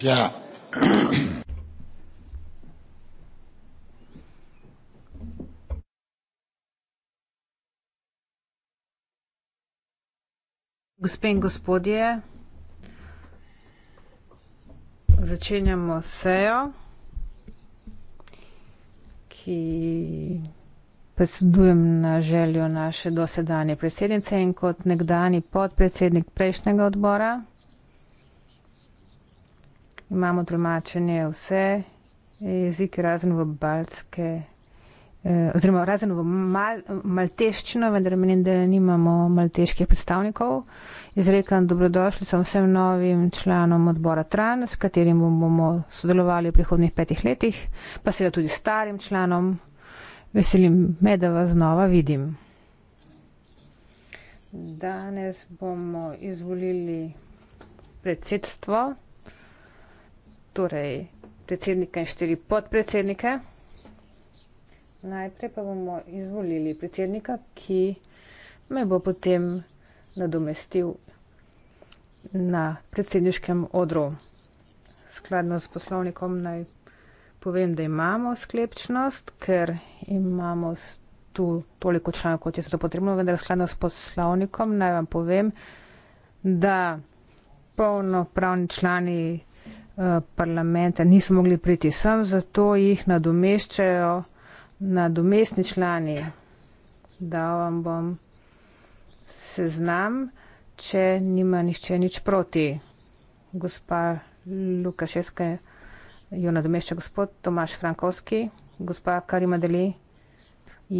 Ja. Gospe in gospodje, začenjamo sejo, ki predsedujem na željo naše dosedanje predsednice in kot nekdani podpredsednik prejšnjega odbora imamo tolmačenje vse jezike, razen v baltske, eh, oziroma razen v mal, malteščino, vendar menim, da nimamo malteških predstavnikov. Izrekam dobrodošli sem vsem novim članom odbora TRAN, s katerim bomo sodelovali v prihodnih petih letih, pa seveda tudi starim članom. Veselim me, da vas znova vidim. Danes bomo izvolili predsedstvo torej predsednika in štiri podpredsednike. Najprej pa bomo izvolili predsednika, ki me bo potem nadomestil na predsedniškem odru. Skladno s poslovnikom naj povem, da imamo sklepčnost, ker imamo tu toliko članov, kot je za to potrebno, vendar skladno s poslovnikom naj vam povem, da polnopravni člani Eh, parlamenta niso mogli priti sem, zato jih nadomeščajo nadomestni člani. Dal vam bom seznam, če nima nišče nič proti. Gospa Lukašeska jo nadomešča gospod Tomaš Frankovski. Gospa Karima Deli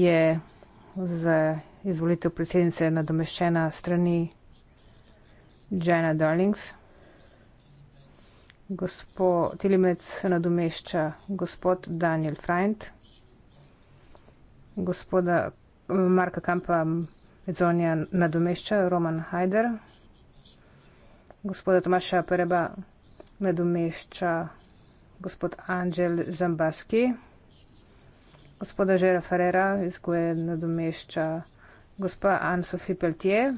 je za izvolitev predsednice nadomeščena strani Jana Darlings gospod Tilimec nadomešča gospod Daniel Freind, gospoda eh, Marka Kampa Medzonija nadomešča Roman Hajder, gospoda Tomaša Pereba nadomešča gospod Anđel Zambaski, gospoda Žera Ferrera iz Goje nadomešča gospa Ansofi Peltje,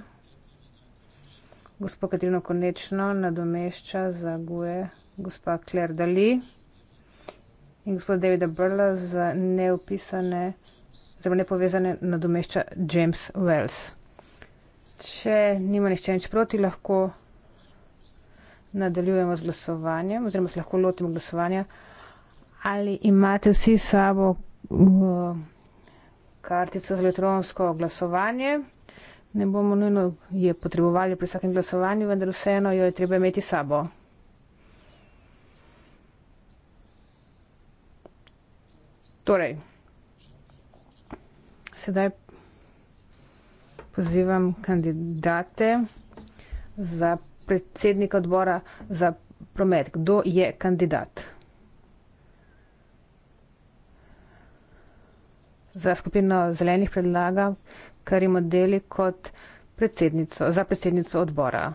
gospod Katrino Konečno nadomešča za Goje gospa Claire Dali in gospod Davida Brla za neopisane, zelo nepovezane nadomešča James Wells. Če nima nišče nič proti, lahko nadaljujemo z glasovanjem oziroma se lahko lotimo glasovanja. Ali imate vsi sabo uh, kartico za elektronsko glasovanje? Ne bomo nujno je potrebovali pri vsakem glasovanju, vendar vseeno jo je treba imeti sabo. Torej, sedaj pozivam kandidate za predsednika odbora za promet. Kdo je kandidat? Za skupino zelenih predlaga Karim Odeli kot predsednico, za predsednico odbora.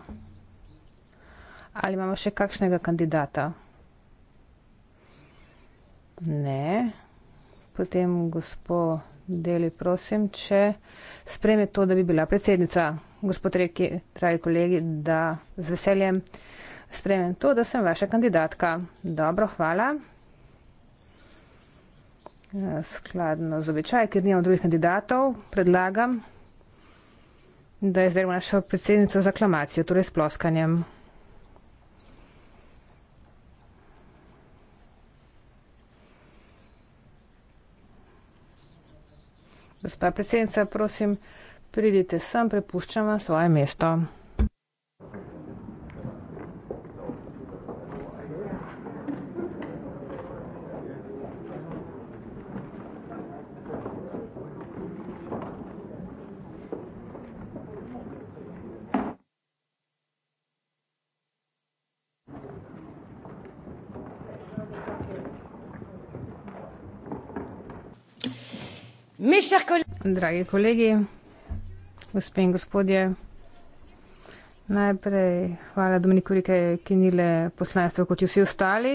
Ali imamo še kakšnega kandidata? Ne. Ne. Potem gospod Deli, prosim, če spreme to, da bi bila predsednica. Gospod Reki, dragi kolegi, da z veseljem spremem to, da sem vaša kandidatka. Dobro, hvala. Eh, skladno z običaj, ker nimam drugih kandidatov, predlagam, da izberemo našo predsednico z aklamacijo, torej s ploskanjem. Gospa predsednica, prosim, pridite sem, prepuščam vam svoje mesto. Dragi kolegi, gospe in gospodje, najprej hvala Dominiku Rike, ki ni le poslanstvo kot vsi ostali,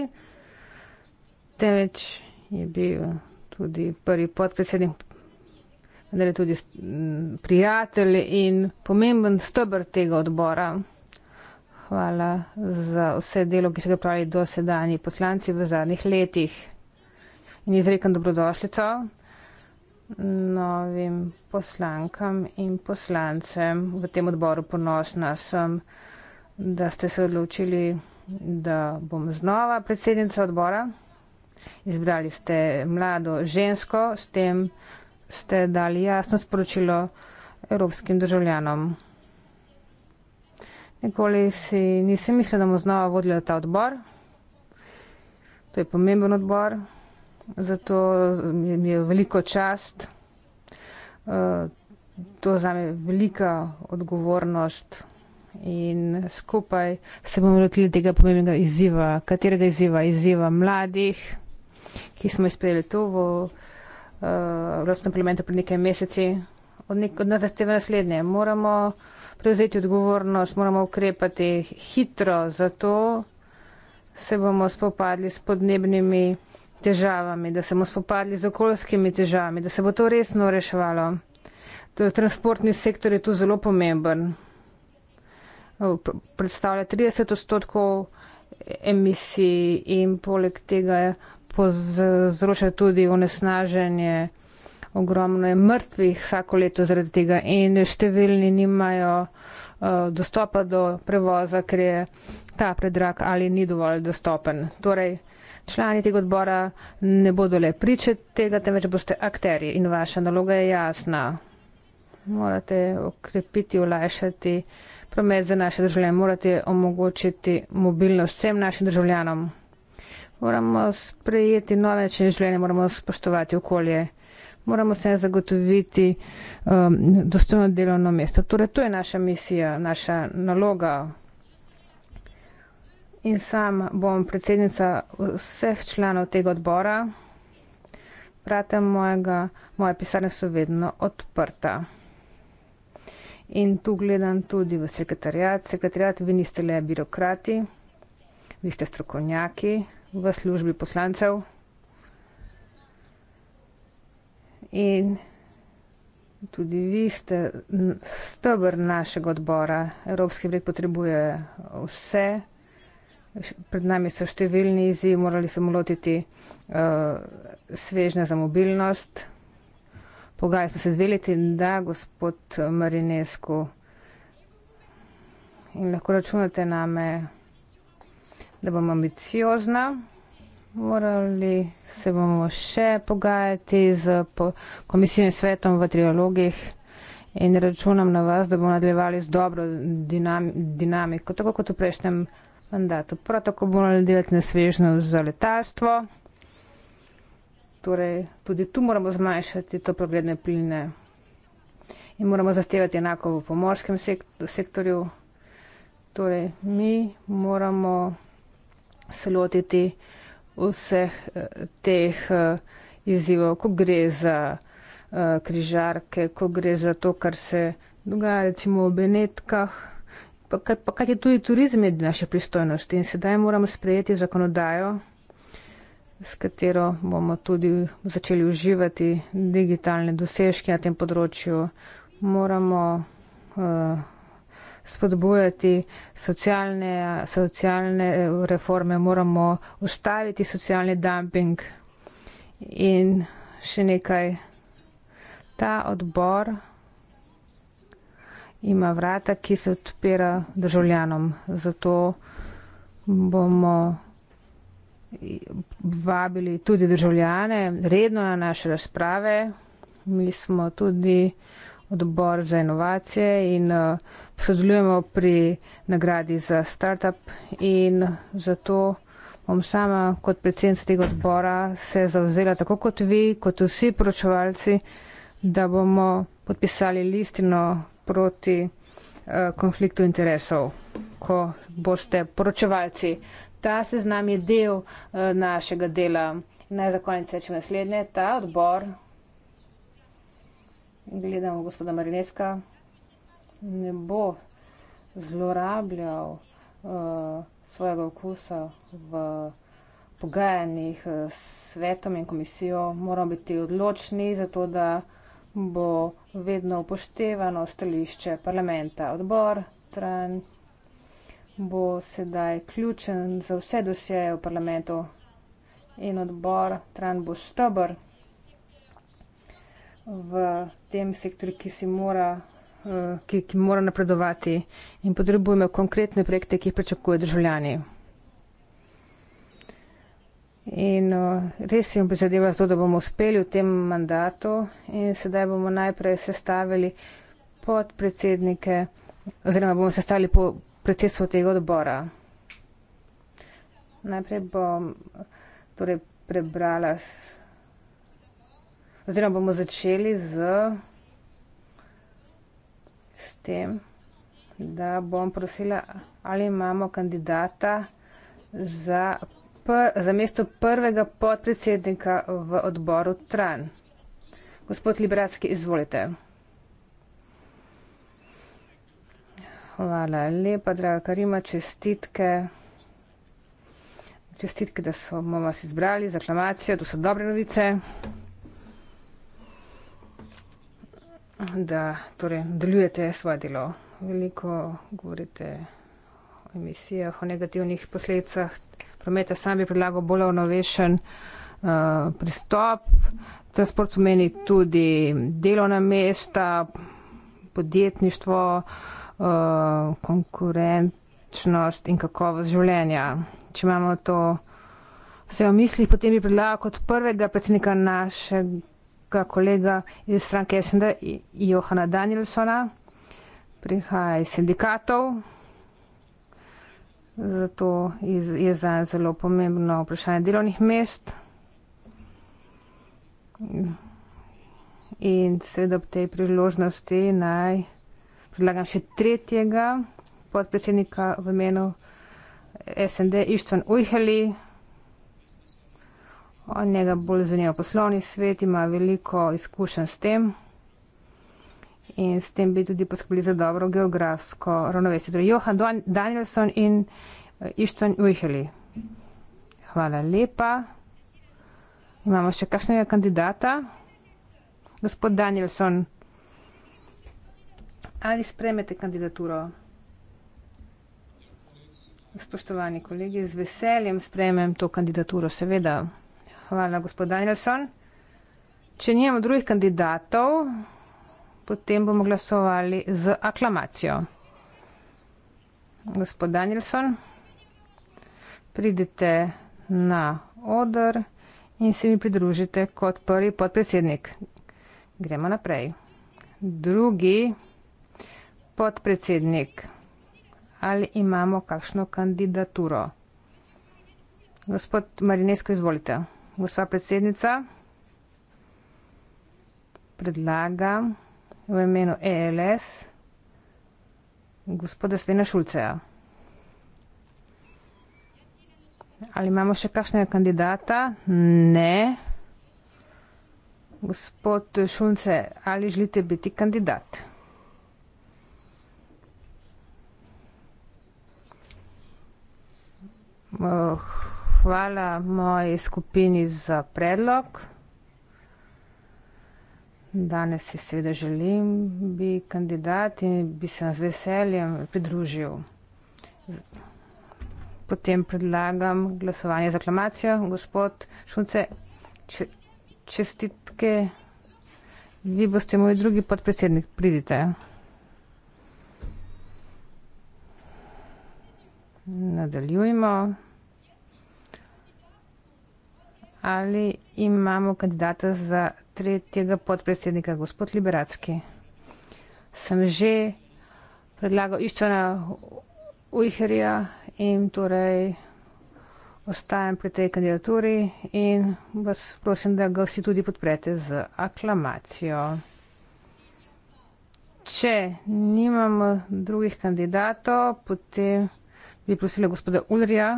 temveč je bil tudi prvi podpredsednik, vendar je tudi prijatelj in pomemben stebr tega odbora. Hvala za vse delo, ki ste ga pravili do sedajni poslanci v zadnjih letih. In izrekam dobrodošlico novim poslankam in poslancem. V tem odboru ponosna sem, da ste se odločili, da bom znova predsednica odbora. Izbrali ste mlado žensko, s tem ste dali jasno sporočilo evropskim državljanom. Nikoli si nisem mislila, da bom znova vodila ta odbor. To je pomemben odbor. Zato mi je veliko čast. Eh, to za me velika odgovornost in skupaj se bomo lotili tega pomembnega izziva. Katerega izziva? Izziva mladih, ki smo izpeljali to v eh, vlastnem parlamentu pred nekaj meseci. Od, nek od nas zahteva naslednje. Moramo prevzeti odgovornost, moramo ukrepati hitro, zato se bomo spopadli s podnebnimi težavami, da se bomo spopadli z okoljskimi težavami, da se bo to resno reševalo. Transportni sektor je tu zelo pomemben. Predstavlja 30 odstotkov emisij in poleg tega povzroča tudi onesnaženje. Ogromno je mrtvih vsako leto zaradi tega in številni nimajo uh, dostopa do prevoza, ker je ta predrag ali ni dovolj dostopen. Torej, Člani tega odbora ne bodo le priče tega, temveč boste akteri in vaša naloga je jasna. Morate okrepiti, olajšati promet za naše državljane, morate omogočiti mobilnost vsem našim državljanom. Moramo sprejeti nove načine življenja, moramo spoštovati okolje, moramo se zagotoviti um, dostojno delovno mesto. Torej, to je naša misija, naša naloga in sam bom predsednica vseh članov tega odbora. Vrata mojega, moje pisarne so vedno odprta. In tu gledam tudi v sekretarijat. Sekretarijat, vi niste le birokrati, vi ste strokovnjaki v službi poslancev. In tudi vi ste stebr našega odbora. Evropski vrek potrebuje vse Pred nami so številni izzivi, morali smo lotiti uh, eh, svežne za mobilnost. Pogajali smo se dve leti, da gospod Marinesku in lahko računate na me, da bom ambiciozna. Morali se bomo še pogajati z po komisijo in svetom v triologih in računam na vas, da bomo nadaljevali z dobro dinam dinamiko, tako kot v prejšnjem mandatu. Prav tako bomo morali delati nasvežno za letalstvo. Torej, tudi tu moramo zmanjšati to pregledne pline in moramo zahtevati enako v pomorskem sektorju. Torej, mi moramo se lotiti vseh eh, teh eh, izzivov, ko gre za eh, križarke, ko gre za to, kar se dogaja recimo v Benetkah pa kaj je tudi turizem in naša pristojnost in sedaj moramo sprejeti zakonodajo, s katero bomo tudi začeli uživati digitalne dosežke na tem področju. Moramo uh, spodbujati socialne, socialne eh, reforme, moramo ustaviti socialni dumping in še nekaj. Ta odbor ima vrata, ki se odpira državljanom. Zato bomo vabili tudi državljane redno na naše razprave. Mi smo tudi odbor za inovacije in uh, sodelujemo pri nagradi za startup in zato bom sama kot predsednica tega odbora se zavzela tako kot vi, kot vsi poročevalci, da bomo podpisali listino, proti eh, konfliktu interesov, ko boste poročevalci. Ta seznam je del eh, našega dela. Naj za konec rečem naslednje. Ta odbor, gledamo gospoda Marineska, ne bo zlorabljal uh, svojega okusa v pogajanjih s svetom in komisijo. Moramo biti odločni za to, da bo vedno upoštevano stališče parlamenta. Odbor Tran bo sedaj ključen za vse dosjeje v parlamentu in odbor Tran bo stobr v tem sektorju, ki si mora. Eh, ki, ki mora napredovati in potrebujemo konkretne projekte, ki jih pričakujejo državljani. In res sem prizadevala to, da bomo uspeli v tem mandatu in sedaj bomo najprej sestavili podpredsednike oziroma bomo sestavili po predsedstvu tega odbora. Najprej bom torej prebrala oziroma bomo začeli z, s tem, da bom prosila, ali imamo kandidata za podpredsednika pr, za mesto prvega podpredsednika v odboru Tran. Gospod Libratski, izvolite. Hvala lepa, draga Karima, čestitke. Čestitke, da smo vas izbrali za aklamacijo, to so dobre novice. Da torej, delujete svoje delo. Veliko govorite o emisijah, o negativnih posledicah prometa. Sam bi predlagal bolj ravnovešen uh, eh, pristop. Transport pomeni tudi delovna mesta, podjetništvo, uh, konkurenčnost in kakovost življenja. Če imamo to vse v mislih, potem bi predlagal kot prvega predsednika našega kolega iz stranke SND, Johana Danielsona. Prihaja iz sindikatov. Zato je za zelo pomembno vprašanje delovnih mest. In seveda ob tej priložnosti naj predlagam še tretjega podpredsednika v imenu SND Ištvan Ujheli. On njega bolj zanima poslovni svet, ima veliko izkušenj s tem in s tem bi tudi poskrbeli za dobro geografsko ravnovesje. Torej, Johan Danielson in eh, Ištvan Ujheli. Hvala lepa. Imamo še kakšnega kandidata? Gospod Danielson, ali spremete kandidaturo? Spoštovani kolegi, z veseljem spremem to kandidaturo, seveda. Hvala, gospod Danielson. Če nijemo drugih kandidatov, potem bomo glasovali z aklamacijo. Gospod Danielson, pridite na odr in se mi pridružite kot prvi podpredsednik. Gremo naprej. Drugi podpredsednik. Ali imamo kakšno kandidaturo? Gospod Marinesko, izvolite. Gospa predsednica, predlagam v imenu ELS gospoda Svena Šulceja. Ali imamo še kakšnega kandidata? Ne. Gospod Šunce, ali želite biti kandidat? Oh, hvala moji skupini za predlog. Danes si seveda želim biti kandidat in bi se nam z veseljem pridružil. Potem predlagam glasovanje za aklamacijo. Gospod Šunce, čestitke. Vi boste moj drugi podpredsednik. Pridite. Nadaljujmo. Ali imamo kandidata za tretjega podpredsednika, gospod Liberacki. Sem že predlagal iščena Ujherja in torej ostajam pri tej kandidaturi in vas prosim, da ga vsi tudi podprete z aklamacijo. Če nimamo drugih kandidatov, potem bi prosila gospoda Ulrija,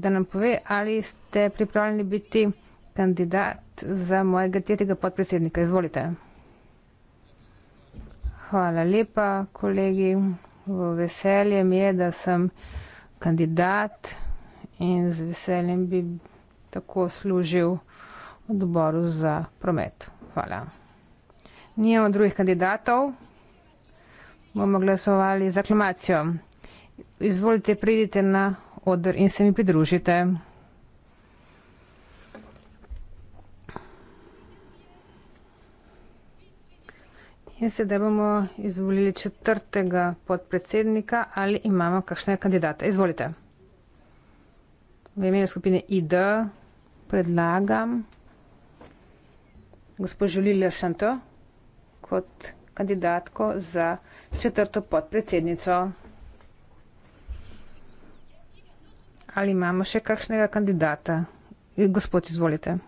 da nam pove, ali ste pripravljeni biti kandidat za mojega tretjega podpredsednika. Izvolite. Hvala lepa, kolegi. V veselje mi je, da sem kandidat in z veseljem bi tako služil odboru za promet. Hvala. Nijemo drugih kandidatov. Bomo glasovali za aklamacijo. Izvolite, pridite na odr in se mi pridružite. In sedaj bomo izvolili četrtega podpredsednika ali imamo kakšne kandidate. Izvolite. V imenu skupine ID predlagam gospod Žuli Lešanto kot kandidatko za četrto podpredsednico. Ali imamo še kakšnega kandidata? Gospod, izvolite.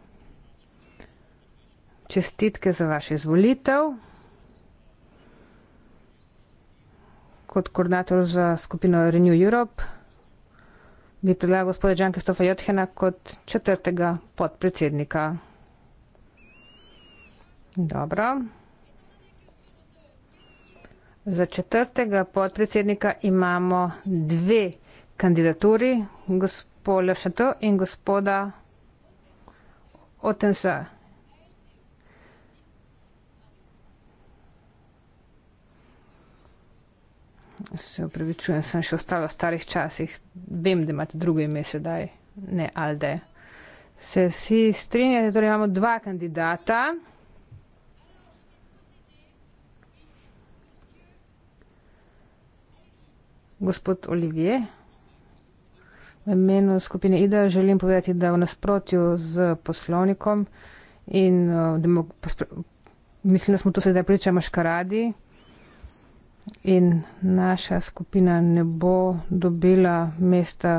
Čestitke za vaše izvolitev. kot koordinator za skupino Renew Europe bi predlagal gospoda Džanke Stofa Jothena kot četrtega podpredsednika. Dobro. Za četrtega podpredsednika imamo dve kandidaturi, gospod Lešato in gospoda Otensa. se upravičujem, sem še ostala v starih časih, vem, da imate drugo ime sedaj, ne Alde. Se vsi strinjate, torej imamo dva kandidata. Gospod Olivier, v imenu skupine IDA želim povedati, da v nasprotju z poslovnikom in uh, eh, demok, mislim, da smo to sedaj pričali maškaradi in naša skupina ne bo dobila mesta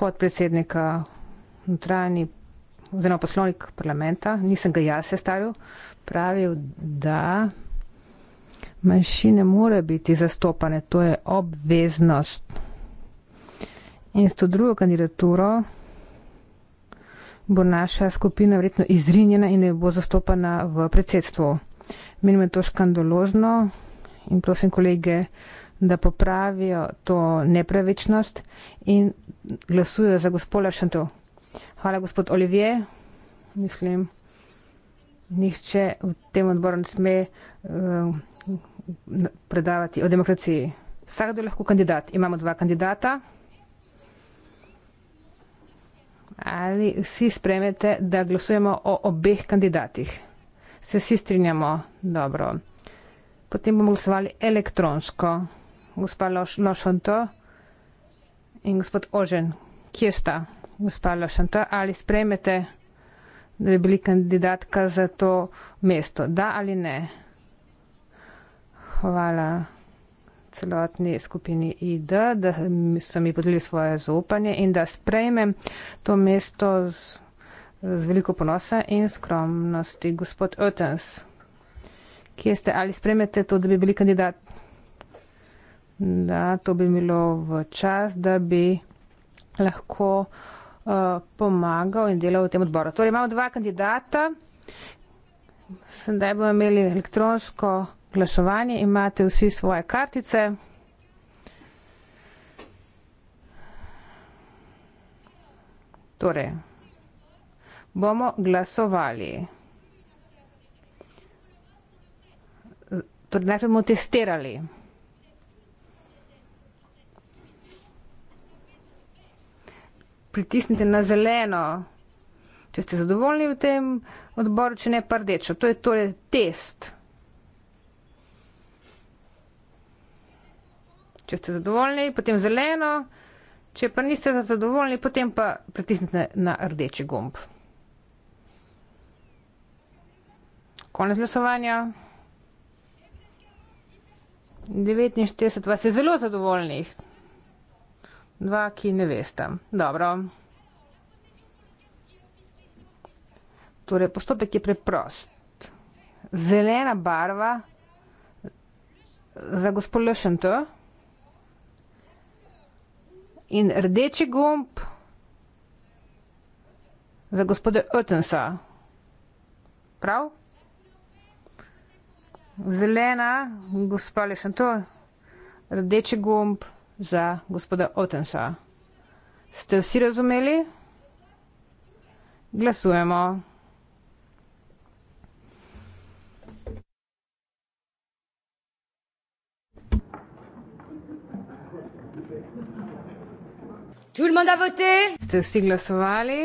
podpredsednika notranji oziroma poslovnik parlamenta, nisem ga jaz sestavil, pravil, da manjšine morajo biti zastopane, to je obveznost. In s to drugo kandidaturo bo naša skupina verjetno izrinjena in ne bo zastopana v predsedstvu. Menim, da je to škandoložno in prosim kolege, da popravijo to nepravičnost in glasujo za gospoda Šantov. Hvala, gospod Olivier. Mislim, nihče v tem odboru ne sme uh, predavati o demokraciji. Vsakdo je lahko kandidat. Imamo dva kandidata. Ali vsi spremete, da glasujemo o obeh kandidatih? Se vsi strinjamo? Dobro. Potem bomo glasovali elektronsko. Gospa Lošanto in gospod Ožen, kje sta gospa Lošanto? Ali sprejmete, da bi bili kandidatka za to mesto? Da ali ne? Hvala celotni skupini ID, da so mi podelili svoje zaupanje in da sprejmem to mesto z, z veliko ponosa in skromnosti. Gospod Otens kje ste, ali spremete to, da bi bili kandidat? Da, to bi bilo v čas, da bi lahko uh, pomagal in delal v tem odboru. Torej, imamo dva kandidata. Sedaj bomo imeli elektronsko glasovanje, imate vsi svoje kartice. Torej, bomo glasovali. torej najprej bomo testirali. Pritisnite na zeleno, če ste zadovoljni v tem odboru, če ne pa rdečo. To je torej test. Če ste zadovoljni, potem zeleno. Če pa niste zadovoljni, potem pa pritisnite na rdeči gumb. Konec glasovanja. 49 vas je zelo zadovoljnih. Dva, ki ne veste. Dobro. Torej, postopek je preprost. Zelena barva za gospod Lešento in rdeči gumb za gospode Otensa. Prav? Prav? zelena, gospa Le Chanteau, rdeči gumb za gospoda Otensa. Ste vsi razumeli? Glasujemo. Tout le monde a voté. Ste vsi glasovali?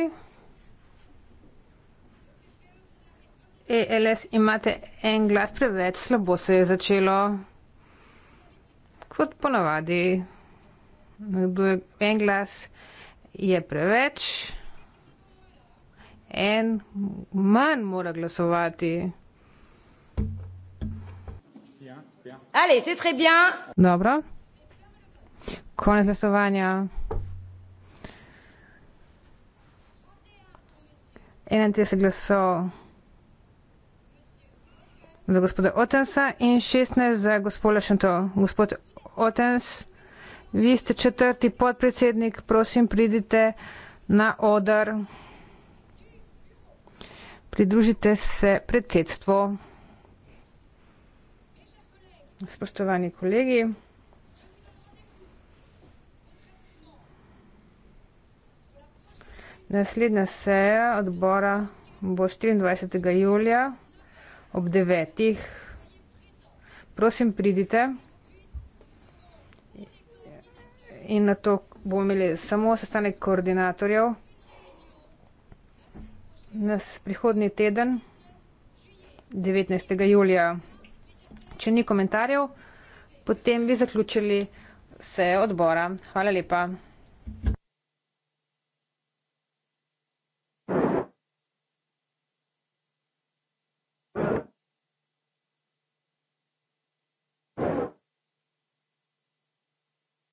ELS imate en glas preveč, slabo se je začelo. Kot ponavadi, en glas je preveč, en manj mora glasovati. Ali se trebja? Dobro. Konec glasovanja. 31 glasov za gospoda Otensa in 16 za gospoda Šento. Gospod Otens, vi ste četrti podpredsednik, prosim pridite na odr. Pridružite se predsedstvu. Spoštovani kolegi. Naslednja seja odbora bo 24. julija ob devetih. Prosim, pridite. In na to bomo imeli samo sestanek koordinatorjev. Nas prihodni teden, 19. julija, če ni komentarjev, potem bi zaključili se odbora. Hvala lepa.